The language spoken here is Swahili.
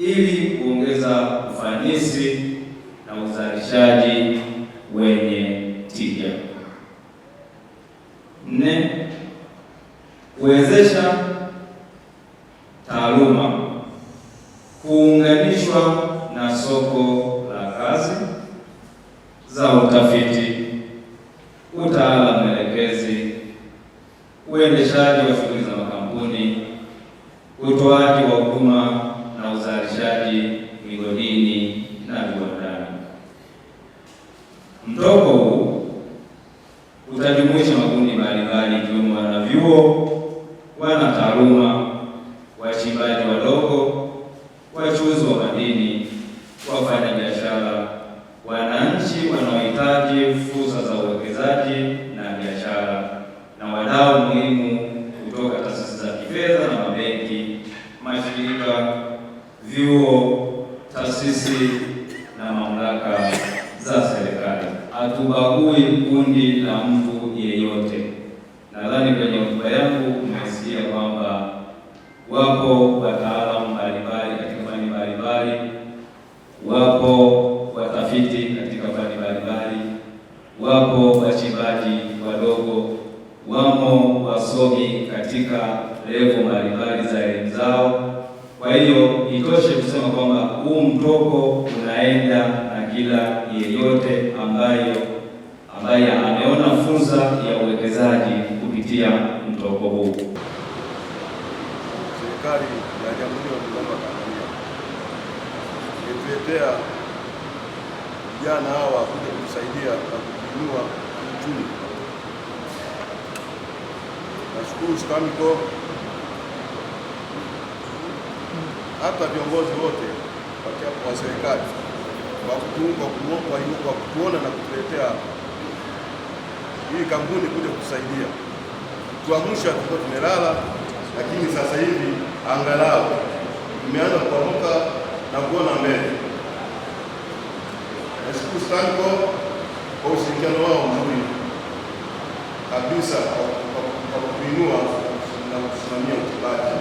ili kuongeza ufanisi na uzalishaji wenye tija. Nne, kuwezesha taaluma kuunganishwa na soko la kazi za utafiti, utaalamu elekezi, uendeshaji wa shughuli za makampuni, utoaji wa huduma wa ndani. Mtoko huu utajumuisha makundi mbalimbali ikiwemo wanavyuo, wana taaluma, wachimbaji wadogo, wachuzi wa madini, wafanya biashara, wananchi wanaohitaji fursa za uwekezaji na biashara, na wadau muhimu kutoka taasisi za kifedha na mabenki, mashirika, vyuo, taasisi na mamlaka za serikali. Hatubagui kundi la mtu yeyote. Nadhani kwenye hotuba yangu umesikia kwamba wapo wataalamu mbalimbali katika fani mbalimbali, wapo watafiti katika fani mbalimbali, wapo wachimbaji wadogo, wamo wasomi katika levo mbalimbali za elimu zao. Kwa hiyo itoshe kusema kwamba huu mtoko unaenda na kila yeyote ambayo ambaye ameona fursa ya uwekezaji kupitia mtoko huu. Serikali ya Jamhuri ya Muungano wa Tanzania imetuletea vijana hawa kuja kusaidia na kuinua kiuchumi. Nashukuru STAMICO hata viongozi wote wa serikali kwa kutuona na kutuletea hii kampuni kuja kutusaidia tuamsha, tulikuwa tumelala, lakini sasa hivi angalau tumeanza kuamka na kuona mbele. Nashukuru STANCO kwa ushirikiano wao mzuri kabisa kwa kuinua na kusimamia utibaji.